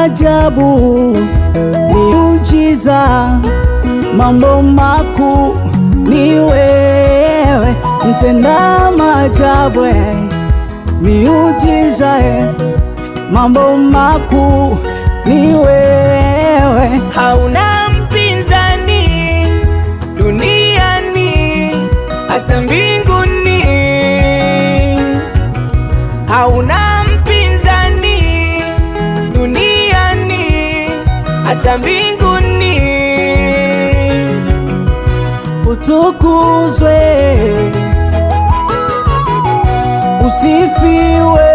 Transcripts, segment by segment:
maajabu, miujiza, mambo makuu ni wewe, mtenda maajabu, miujiza, mambo makuu ni wewe, hauna mpinzani duniani, asambi za mbinguni utukuzwe, usifiwe,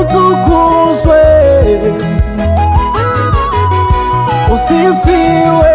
utukuzwe, usifiwe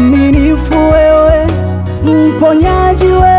mwaminifu wewe, mponyaji wewe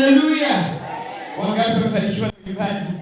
Haleluya! Wangapi wamebarikiwa vipaji?